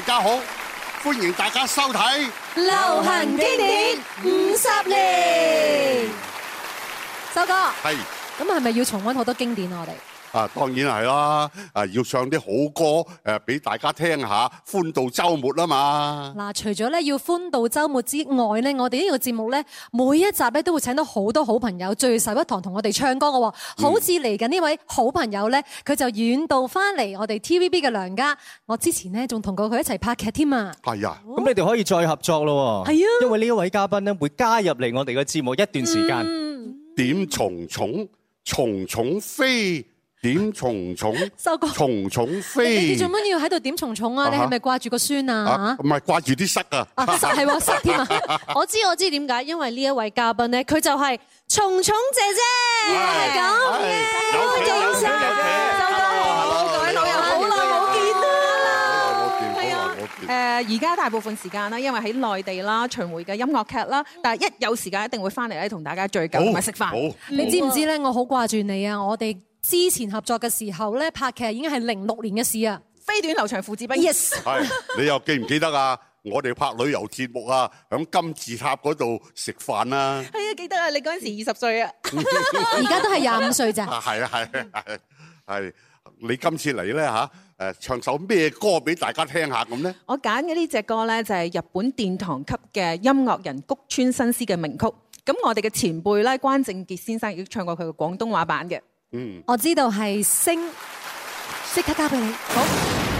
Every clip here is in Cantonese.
大家好，歡迎大家收睇《流行經典五十年》。修哥，係咁係咪要重溫好多經典啊？我哋。啊，當然係啦！啊，要唱啲好歌誒，俾大家聽下，歡度周末啊嘛！嗱，除咗咧要歡度周末之外咧，我哋呢個節目咧每一集咧都會請到好多好朋友聚首一堂，同我哋唱歌嘅喎。好似嚟緊呢位好朋友咧，佢就遠道翻嚟我哋 TVB 嘅娘家，我之前咧仲同過佢一齊拍劇添啊！係啊，咁你哋可以再合作咯喎！係啊，因為呢一位嘉賓咧會加入嚟我哋嘅節目一段時間。嗯、點蟲蟲，蟲蟲飛？點蟲蟲，蟲蟲飛你重重。你做乜要喺度點蟲蟲啊？你係咪掛住個孫啊？唔係掛住啲塞啊！啊係喎，啊、是塞添啊，啊是是是！我知我知點解，因為呢一位嘉賓咧，佢就係蟲蟲姐姐，係咁，歡迎晒，收到好，各位老友好耐冇見啦，係啊。誒，而家大部分時間啦，因為喺內地啦，巡回嘅音樂劇啦，但係一有時間一定會翻嚟咧，同大家聚舊同埋食飯。你知唔知咧？我好掛住你啊！我哋。之前合作嘅時候咧，拍劇已經係零六年嘅事啊。飛短流長，父子兵。Yes，係你又記唔記得啊？我哋拍旅遊節目啊，響金字塔嗰度食飯啊。係啊，記得啊！你嗰陣時二十歲啊， 現在是歲而家都係廿五歲咋？係啊，係係係。你今次嚟咧嚇，誒唱首咩歌俾大家聽下咁咧？我揀嘅呢隻歌咧，就係日本殿堂級嘅音樂人谷村新司嘅名曲。咁我哋嘅前輩咧，關正傑先生已經唱過佢嘅廣東話版嘅。 我知道係星，即刻交俾你，好。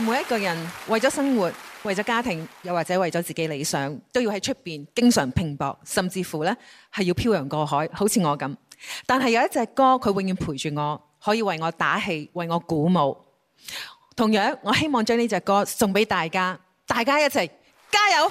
每一個人為咗生活、為咗家庭，又或者為咗自己理想，都要喺出面經常拼搏，甚至乎咧係要漂洋過海，好似我咁。但係有一隻歌，佢永遠陪住我，可以為我打氣、為我鼓舞。同樣，我希望將呢隻歌送俾大家，大家一齊加油！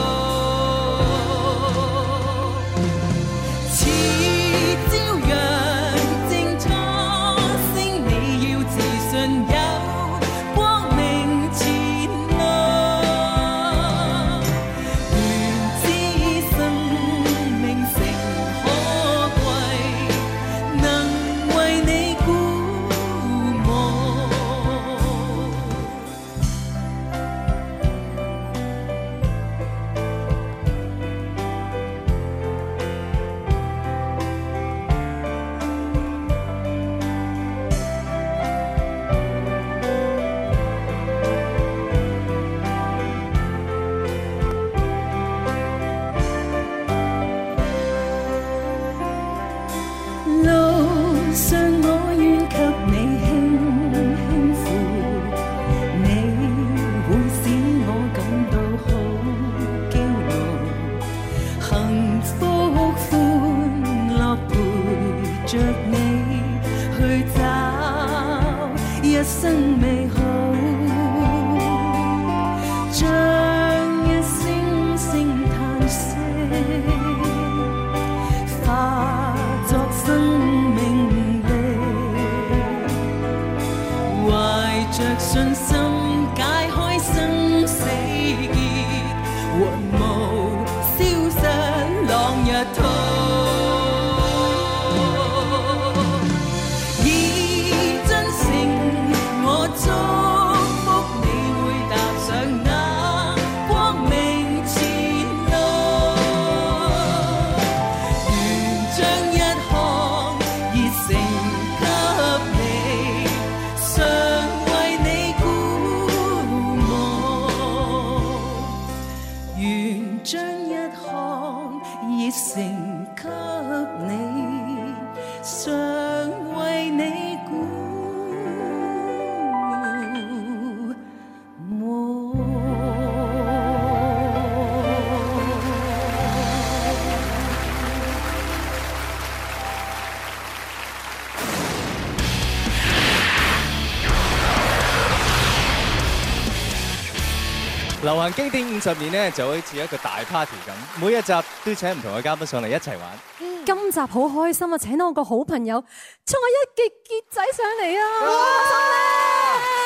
流行經典五十年咧，就好似一個大 party 咁，每一集都請唔同嘅嘉賓上嚟一齊玩。嗯，今集好開心啊！請到我個好朋友蔡一傑傑仔上嚟啊！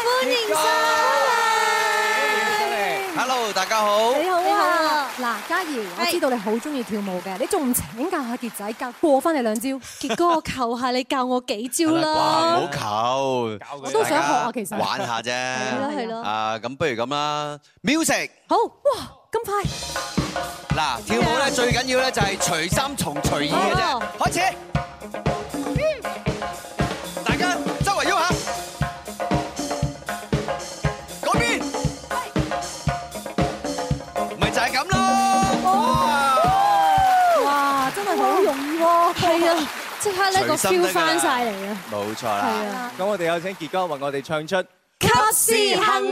歡迎上嚟！歡迎上嚟！Hello，大家好。你好。嗱，嘉怡，我知道你好中意跳舞嘅，你仲唔請教下傑仔教過翻你兩招？傑哥，我求下你教我幾招啦！好 求，我都想學啊，其實玩下啫，係咯，係咯。啊，咁不如咁啦，music 好哇，咁快！嗱、啊，跳舞咧最緊要咧就係隨三從隨二嘅啫、啊，開始。哦，係啊，即刻呢個 feel 翻晒嚟啊！冇錯啦，係啊，咁我哋有請杰哥為我哋唱出《及時行樂》。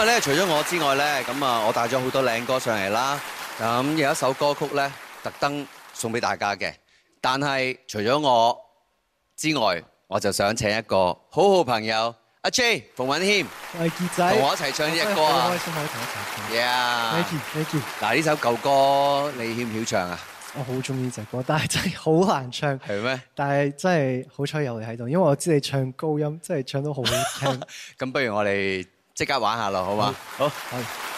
因為咧，除咗我之外咧，咁啊，我帶咗好多靚歌上嚟啦。咁有一首歌曲咧，特登送俾大家嘅。但係除咗我之外，我就想請一個好好朋友阿 J 馮允謙，同我一齊唱呢隻歌啊！開心，開唱。Yeah，Miki，Miki，嗱呢首舊歌，你曉唔曉唱啊？我好中意隻歌，但係真係好難唱。係咩？但係真係好彩有你喺度，因為我知你唱高音，真係唱到好好聽。咁 不如我哋。即刻玩下咯，好嘛？好。好。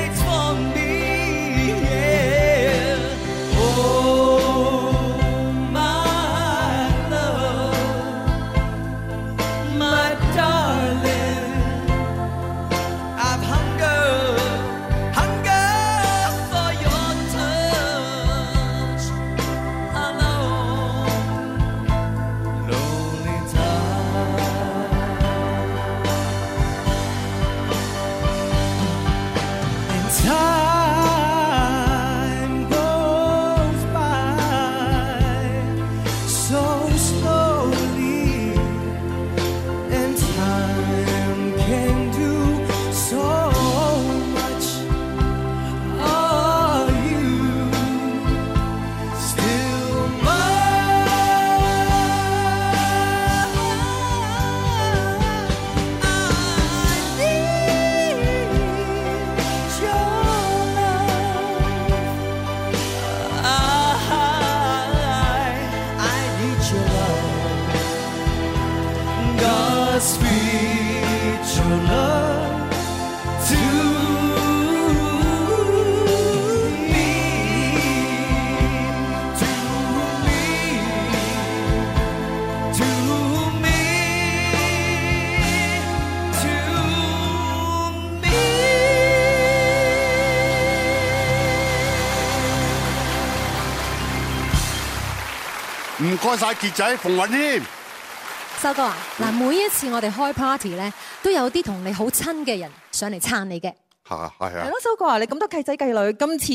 開晒傑仔，馮允謙。修哥啊，嗱，每一次我哋開 party 咧，都有啲同你好親嘅人上嚟撐你嘅。吓係啊。係咯，修哥啊，你咁多契仔契女，今次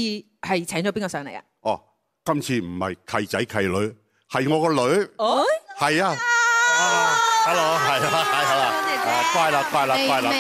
係請咗邊個上嚟啊？哦，今次唔係契仔契女，係我個女。哦，係啊。hello 係啊，係啊。快樂快樂快樂！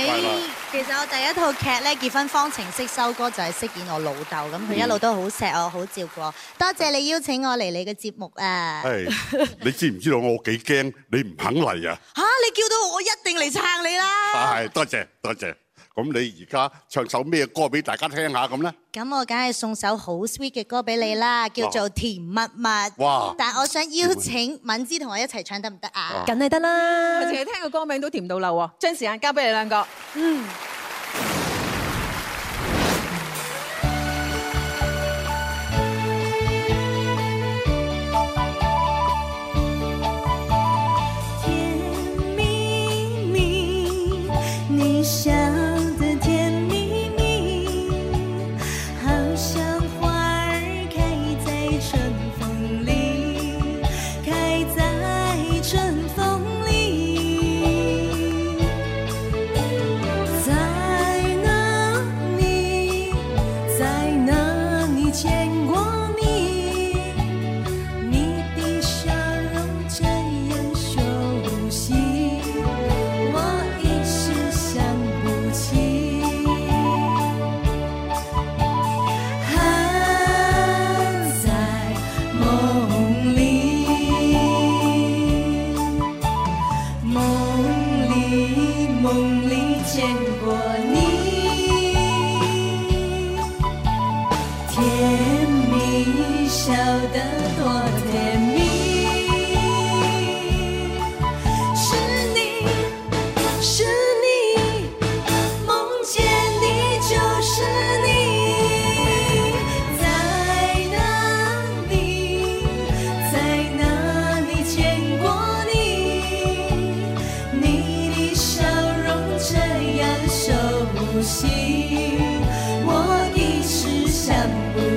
其實我第一套劇咧結婚方程式收歌就係、是、飾演我老豆，咁佢一路都好錫我，好照顧。多謝你邀請我嚟你嘅節目啊！係 你知唔知道我幾驚？你唔肯嚟啊！吓，你叫到我，我一定嚟撐你啦！係，多謝多謝。多謝咁你而家唱首咩歌俾大家聽下咁咧？咁我梗係送首好 sweet 嘅歌俾你啦，叫做《甜蜜蜜》。哇！但係我想邀請敏之同我一齊唱得唔得啊？梗係得啦！我淨係聽個歌名都甜到漏喎。將時間交俾你兩個。嗯。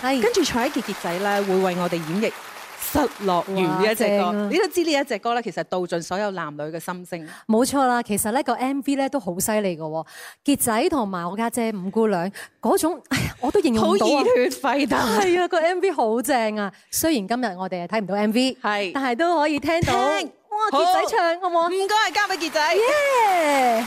跟住蔡一傑傑仔咧，姐姐會為我哋演繹失樂園呢一隻歌。啊、你都知呢一隻歌咧，其實道盡所有男女嘅心聲。冇錯啦，其實咧個 M V 咧都好犀利嘅喎。傑仔同埋我家姐五姑娘嗰種，我都形容好熱血沸騰。係啊，個 M V 好正啊。雖然今日我哋睇唔到 M V，係，但係都可以聽到聽哇傑仔唱好唔好？唔該，交俾傑仔。耶！Yeah.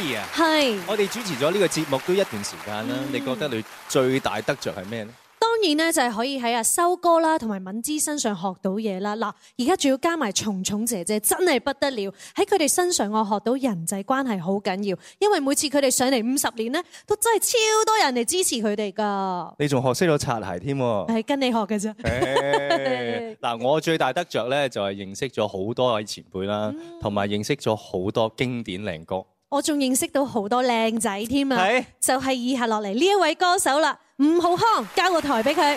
係、啊，我哋主持咗呢個節目都一段時間啦。你覺得你最大得着係咩呢？當然呢，就係可以喺阿修哥啦，同埋敏之身上學到嘢啦。嗱，而家仲要加埋松松姐姐，真係不得了。喺佢哋身上，我學到人際關係好緊要，因為每次佢哋上嚟五十年呢，都真係超多人嚟支持佢哋噶。你仲學識咗擦鞋添？係跟你學嘅啫。嗱，我最大得着呢，就係認識咗好多位前輩啦，同埋認識咗好多經典靚歌。我仲認識到好多靚仔添啊！就係以下落嚟呢一位歌手啦，吳浩康，交個台俾佢。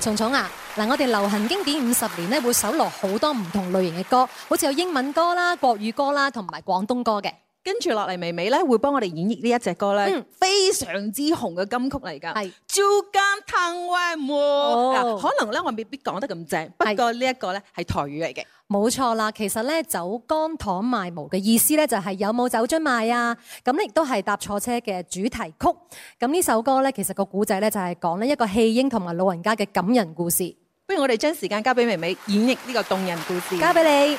蟲蟲啊，嗱，我哋流行經典五十年咧，會搜羅好多唔同類型嘅歌，好似有英文歌啦、國語歌啦，同埋廣東歌嘅。跟住落嚟，微微咧會幫我哋演繹呢一隻歌咧，非常之紅嘅金曲嚟噶。酒干倘賣無，可能咧我未必講得咁正，不過呢一個咧係台語嚟嘅。冇錯啦，其實咧酒干倘賣無嘅意思咧就係有冇酒樽賣啊？咁亦都係搭錯車嘅主題曲。咁呢首歌咧其實個古仔咧就係講呢一個棄嬰同埋老人家嘅感人故事。不如我哋將時間交俾微微演繹呢個動人故事。交俾你。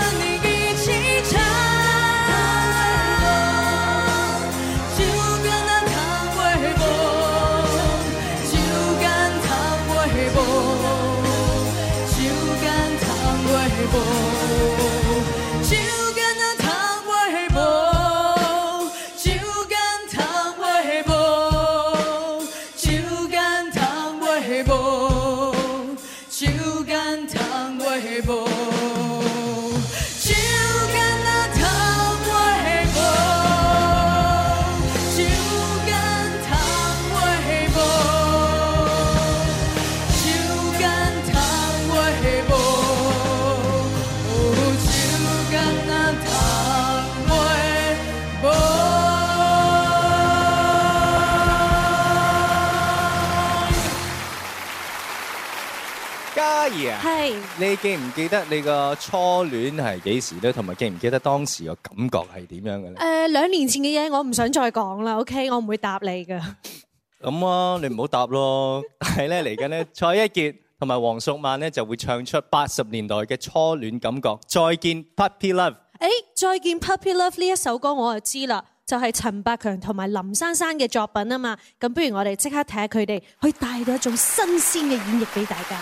係你記唔記得你個初戀係幾時咧？同埋記唔記得當時個感覺係點樣嘅咧？誒、呃，兩年前嘅嘢，我唔想再講啦。OK，我唔會答你噶。咁啊，你唔好答咯。係 咧，嚟緊咧， 蔡一傑同埋黃淑蔓咧就會唱出八十年代嘅初戀感覺。再見，Puppy Love,、欸、再見，Puppy Love。誒，再見，Puppy Love 呢一首歌我就知啦，就係陳百強同埋林珊珊嘅作品啊嘛。咁不如我哋即刻睇下佢哋去帶到一種新鮮嘅演繹俾大家。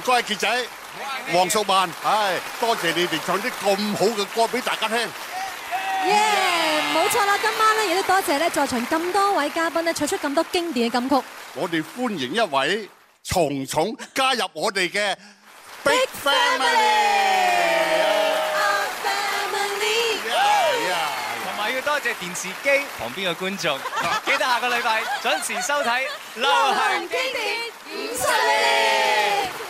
唔該，傑仔，黃淑蔓，係多謝你哋唱啲咁好嘅歌俾大家聽。Yeah，冇錯啦，今晚咧亦都多謝咧在場咁多位嘉賓咧，唱出咁多經典嘅金曲。我哋歡迎一位蟲蟲加入我哋嘅 Big Family。同埋要多謝電視機旁邊嘅觀眾，記得下個禮拜準時收睇流行經典五十年。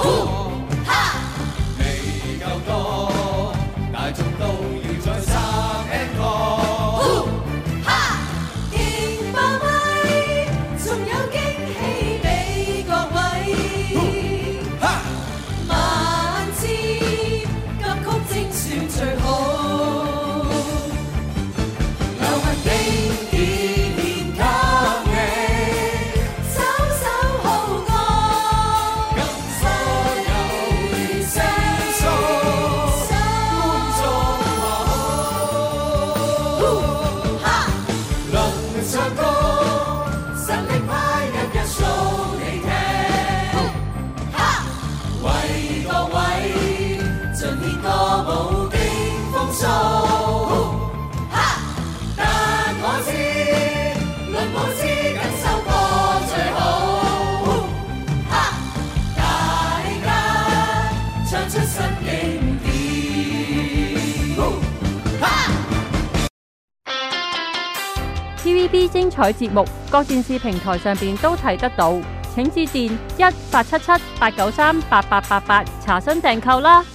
精彩節目，各電視平台上邊都睇得到，請致電一八七七八九三八八八八查詢訂購啦。